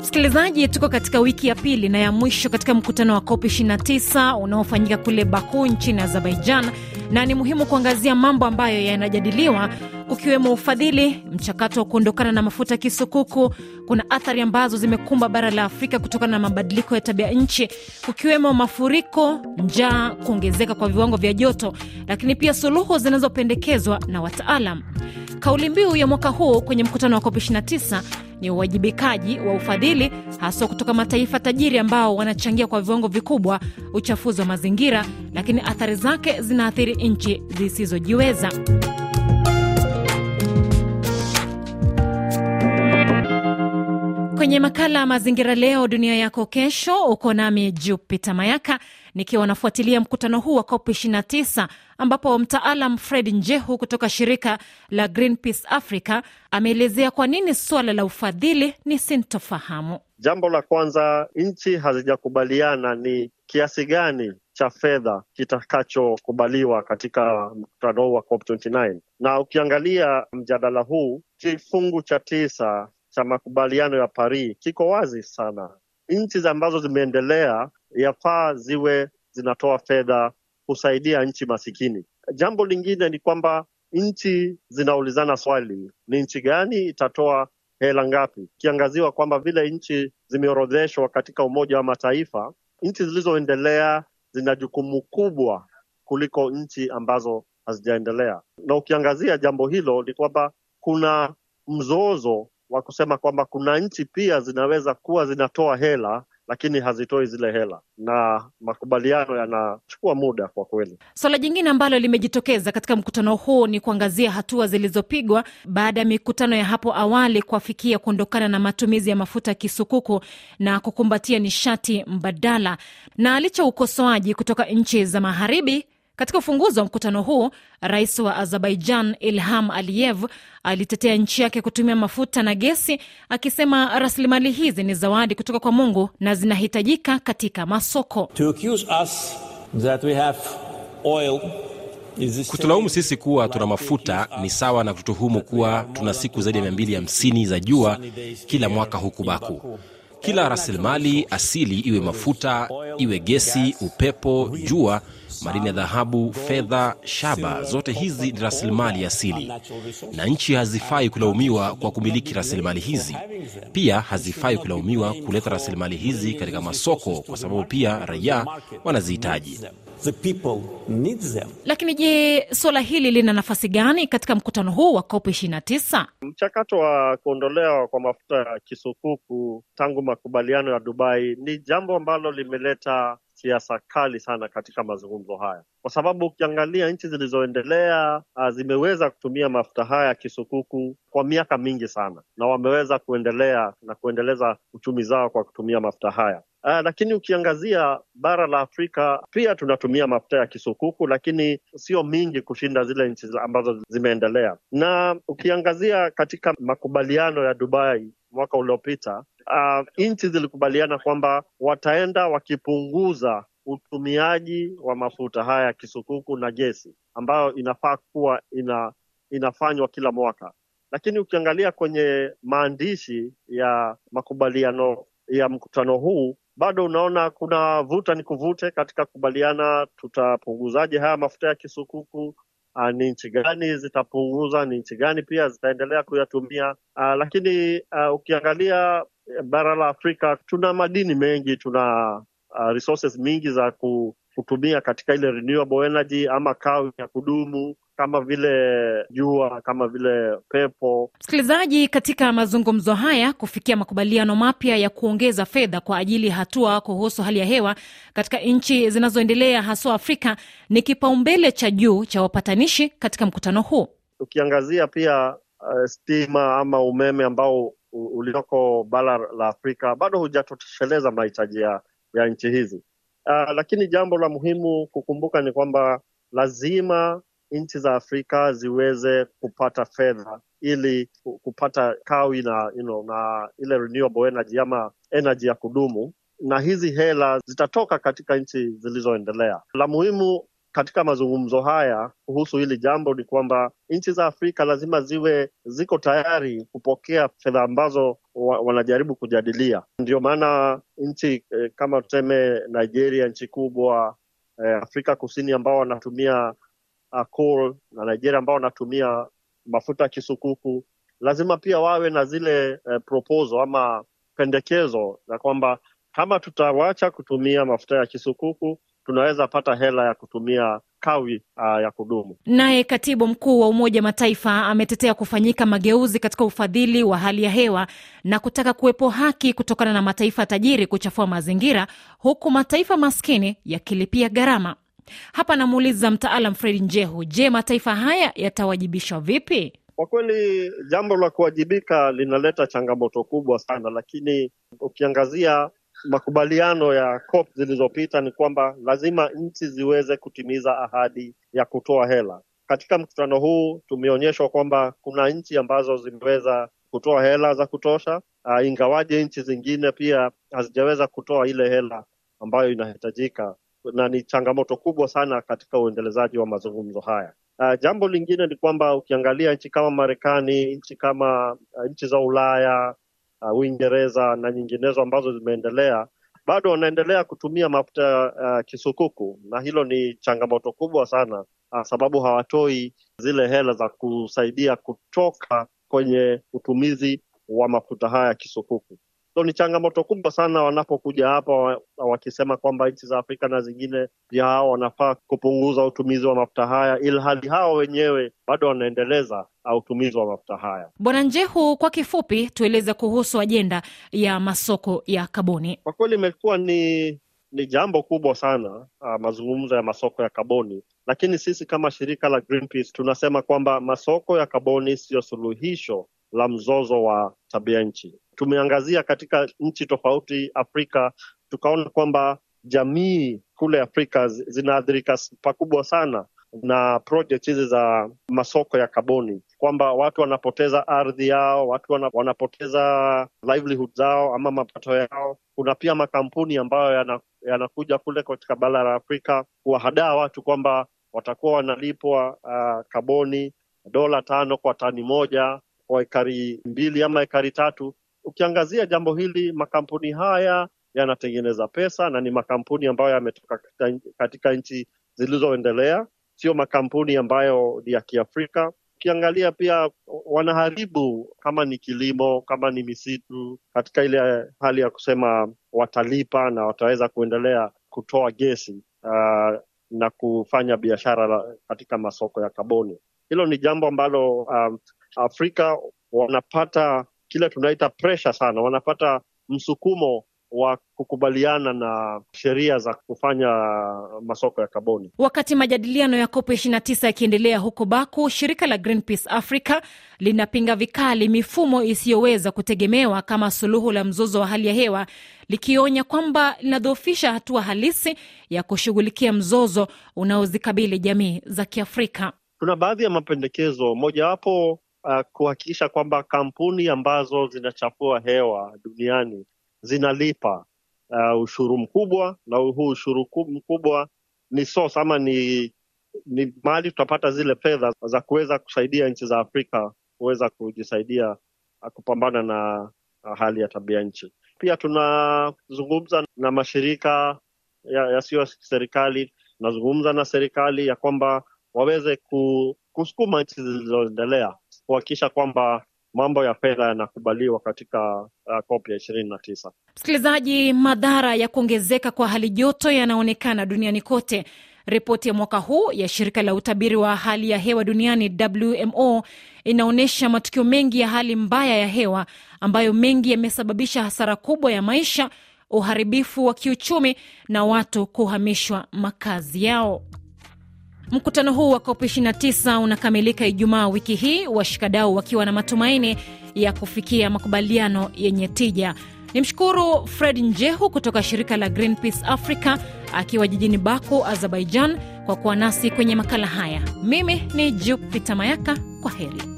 Msikilizaji, tuko katika wiki ya pili na ya mwisho katika mkutano wa COP 29 unaofanyika kule Baku nchini Azerbaijan na ni muhimu kuangazia mambo ambayo yanajadiliwa ukiwemo ufadhili, mchakato wa kuondokana na mafuta kisukuku. Kuna athari ambazo zimekumba bara la Afrika kutokana na mabadiliko ya tabia nchi, kukiwemo mafuriko, njaa, kuongezeka kwa viwango vya joto, lakini pia suluhu zinazopendekezwa na wataalam. Kauli mbiu ya mwaka huu kwenye mkutano wa COP 29 ni uwajibikaji wa ufadhili, haswa kutoka mataifa tajiri ambao wanachangia kwa viwango vikubwa uchafuzi wa mazingira, lakini athari zake zinaathiri nchi zisizojiweza. Kwenye makala ya mazingira leo dunia yako kesho, uko nami Jupita Mayaka nikiwa nafuatilia mkutano huu wa COP 29 ambapo mtaalam Fred Njehu kutoka shirika la Greenpeace Africa ameelezea kwa nini suala la ufadhili ni sintofahamu. Jambo la kwanza, nchi hazijakubaliana ni kiasi gani cha fedha kitakachokubaliwa katika mkutano huu wa COP 29 na ukiangalia mjadala huu kifungu cha tisa cha makubaliano ya Paris kiko wazi sana. Nchi ambazo zimeendelea yafaa ziwe zinatoa fedha kusaidia nchi masikini. Jambo lingine ni kwamba nchi zinaulizana swali, ni nchi gani itatoa hela ngapi, ikiangaziwa kwamba vile nchi zimeorodheshwa katika Umoja wa Mataifa, nchi zilizoendelea zina jukumu kubwa kuliko nchi ambazo hazijaendelea. Na ukiangazia jambo hilo ni kwamba kuna mzozo wa kusema kwamba kuna nchi pia zinaweza kuwa zinatoa hela lakini hazitoi zile hela na makubaliano yanachukua muda kwa kweli. Swala jingine ambalo limejitokeza katika mkutano huu ni kuangazia hatua zilizopigwa baada ya mikutano ya hapo awali kuafikia kuondokana na matumizi ya mafuta ya kisukuku na kukumbatia nishati mbadala, na licha ukosoaji kutoka nchi za magharibi katika ufunguzi wa mkutano huu, rais wa Azerbaijan Ilham Aliyev alitetea nchi yake kutumia mafuta na gesi, akisema rasilimali hizi ni zawadi kutoka kwa Mungu na zinahitajika katika masoko. Kutulaumu sisi kuwa tuna mafuta ni sawa na kutuhumu kuwa tuna siku zaidi ya 250 za jua kila mwaka huku Baku. Kila rasilimali asili, iwe mafuta, iwe gesi, upepo, jua madini ya dhahabu, fedha, shaba, zote hizi ni rasilimali asili, na nchi hazifai kulaumiwa kwa kumiliki rasilimali hizi. Pia hazifai kulaumiwa kuleta rasilimali hizi katika masoko, kwa sababu pia raia wanazihitaji. Lakini je, suala hili lina nafasi gani katika mkutano huu wa COP 29? Mchakato wa kuondolewa kwa mafuta ya kisukuku tangu makubaliano ya Dubai ni jambo ambalo limeleta siasa kali sana katika mazungumzo haya, kwa sababu ukiangalia nchi zilizoendelea ah, zimeweza kutumia mafuta haya ya kisukuku kwa miaka mingi sana, na wameweza kuendelea na kuendeleza uchumi zao kwa kutumia mafuta haya. Uh, lakini ukiangazia bara la Afrika pia tunatumia mafuta ya kisukuku, lakini sio mingi kushinda zile nchi ambazo zimeendelea. Na ukiangazia katika makubaliano ya Dubai mwaka uliopita, uh, nchi zilikubaliana kwamba wataenda wakipunguza utumiaji wa mafuta haya ya kisukuku na gesi ambayo inafaa kuwa ina, inafanywa kila mwaka, lakini ukiangalia kwenye maandishi ya makubaliano ya mkutano huu bado unaona kuna vuta ni kuvute katika kubaliana tutapunguzaje haya mafuta ya kisukuku, Ah, ni nchi gani zitapunguza, ni nchi gani pia zitaendelea kuyatumia. Ah, lakini uh, ukiangalia eh, bara la Afrika tuna madini mengi, tuna uh, resources mingi za kutumia katika ile renewable energy ama kawi ya kudumu kama vile jua, kama vile pepo. Msikilizaji, katika mazungumzo haya kufikia makubaliano mapya ya kuongeza fedha kwa ajili ya hatua kuhusu hali ya hewa katika nchi zinazoendelea haswa Afrika ni kipaumbele cha juu cha wapatanishi katika mkutano huu, tukiangazia pia uh, stima ama umeme ambao ulioko bara la Afrika bado hujatosheleza mahitaji ya, ya nchi hizi. Uh, lakini jambo la muhimu kukumbuka ni kwamba lazima nchi za Afrika ziweze kupata fedha ili kupata kawi na you know, na ile renewable energy ama energy ya kudumu, na hizi hela zitatoka katika nchi zilizoendelea. La muhimu katika mazungumzo haya kuhusu hili jambo ni kwamba nchi za Afrika lazima ziwe ziko tayari kupokea fedha ambazo wa, wanajaribu kujadilia. Ndio maana nchi eh, kama tuseme Nigeria, nchi kubwa eh, Afrika Kusini ambao wanatumia uh, coal na Nigeria ambao wanatumia mafuta ya kisukuku, lazima pia wawe na zile uh, proposal ama pendekezo la kwamba kama tutawacha kutumia mafuta ya kisukuku tunaweza pata hela ya kutumia kawi uh, ya kudumu. Naye katibu mkuu wa Umoja wa Mataifa ametetea kufanyika mageuzi katika ufadhili wa hali ya hewa na kutaka kuwepo haki kutokana na mataifa tajiri kuchafua mazingira huku mataifa maskini yakilipia gharama. Hapa namuuliza mtaalam Fredi Njehu, je, mataifa haya yatawajibishwa vipi? Kwa kweli jambo la kuwajibika linaleta changamoto kubwa sana, lakini ukiangazia makubaliano ya COP zilizopita ni kwamba lazima nchi ziweze kutimiza ahadi ya kutoa hela. Katika mkutano huu tumeonyeshwa kwamba kuna nchi ambazo zimeweza kutoa hela za kutosha, uh, ingawaje nchi zingine pia hazijaweza kutoa ile hela ambayo inahitajika na ni changamoto kubwa sana katika uendelezaji wa mazungumzo haya. Uh, jambo lingine ni kwamba ukiangalia nchi kama Marekani, nchi kama uh, nchi za Ulaya, uh, Uingereza na nyinginezo ambazo zimeendelea bado wanaendelea kutumia mafuta uh, kisukuku, na hilo ni changamoto kubwa sana uh, sababu hawatoi zile hela za kusaidia kutoka kwenye utumizi wa mafuta haya kisukuku. So ni changamoto kubwa sana wanapokuja hapa wakisema kwamba nchi za Afrika na zingine vya hao wanafaa kupunguza utumizi wa mafuta haya, ilhali hao wenyewe bado wanaendeleza utumizi wa mafuta haya. Bwana Njehu, kwa kifupi tueleze kuhusu ajenda ya masoko ya kaboni. Kwa kweli imekuwa ni ni jambo kubwa sana uh, mazungumzo ya masoko ya kaboni, lakini sisi kama shirika la Greenpeace tunasema kwamba masoko ya kaboni siyo suluhisho la mzozo wa tabia nchi tumeangazia katika nchi tofauti Afrika, tukaona kwamba jamii kule Afrika zinaathirika pakubwa sana na project hizi za masoko ya kaboni, kwamba watu wanapoteza ardhi yao, watu wanapoteza livelihood zao ama mapato yao. Kuna pia makampuni ambayo yanakuja kule katika bara la Afrika kuwahadaa watu kwamba watakuwa wanalipwa uh, kaboni dola tano kwa tani moja kwa ekari mbili ama ekari tatu, ukiangazia jambo hili, makampuni haya yanatengeneza pesa na ni makampuni ambayo yametoka katika nchi zilizoendelea, sio makampuni ambayo ni ya Kiafrika. Ukiangalia pia wanaharibu, kama ni kilimo, kama ni misitu, katika ile hali ya kusema watalipa na wataweza kuendelea kutoa gesi uh, na kufanya biashara katika masoko ya kaboni. Hilo ni jambo ambalo um, Afrika wanapata kile tunaita presha sana, wanapata msukumo wa kukubaliana na sheria za kufanya masoko ya kaboni. Wakati majadiliano ya kopo 29 yakiendelea huko Baku, shirika la Greenpeace Africa linapinga vikali mifumo isiyoweza kutegemewa kama suluhu la mzozo wa hali ya hewa, likionya kwamba linadhoofisha hatua halisi ya kushughulikia mzozo unaozikabili jamii za Kiafrika. Kuna baadhi ya mapendekezo, mojawapo uh, kuhakikisha kwamba kampuni ambazo zinachafua hewa duniani zinalipa uh, ushuru mkubwa, na huu ushuru mkubwa ni source ama ni ni mahali tutapata zile fedha za kuweza kusaidia nchi za Afrika kuweza kujisaidia uh, kupambana na uh, hali ya tabia nchi. Pia tunazungumza na mashirika yasiyo ya serikali, tunazungumza na serikali ya kwamba waweze kusukuma nchi zilizoendelea kuhakikisha kwamba mambo ya fedha yanakubaliwa katika uh, ya ishirini na tisa. Msikilizaji, madhara ya kuongezeka kwa hali joto yanaonekana duniani kote. Ripoti ya mwaka huu ya shirika la utabiri wa hali ya hewa duniani WMO inaonyesha matukio mengi ya hali mbaya ya hewa ambayo mengi yamesababisha hasara kubwa ya maisha, uharibifu wa kiuchumi na watu kuhamishwa makazi yao. Mkutano huu wa COP 29 unakamilika Ijumaa wiki hii, washikadau wakiwa na matumaini ya kufikia makubaliano yenye tija. Nimshukuru Fred Njehu kutoka shirika la Greenpeace Africa akiwa jijini Baku, Azerbaijan, kwa kuwa nasi kwenye makala haya. Mimi ni Jupiter Mayaka, kwa heri.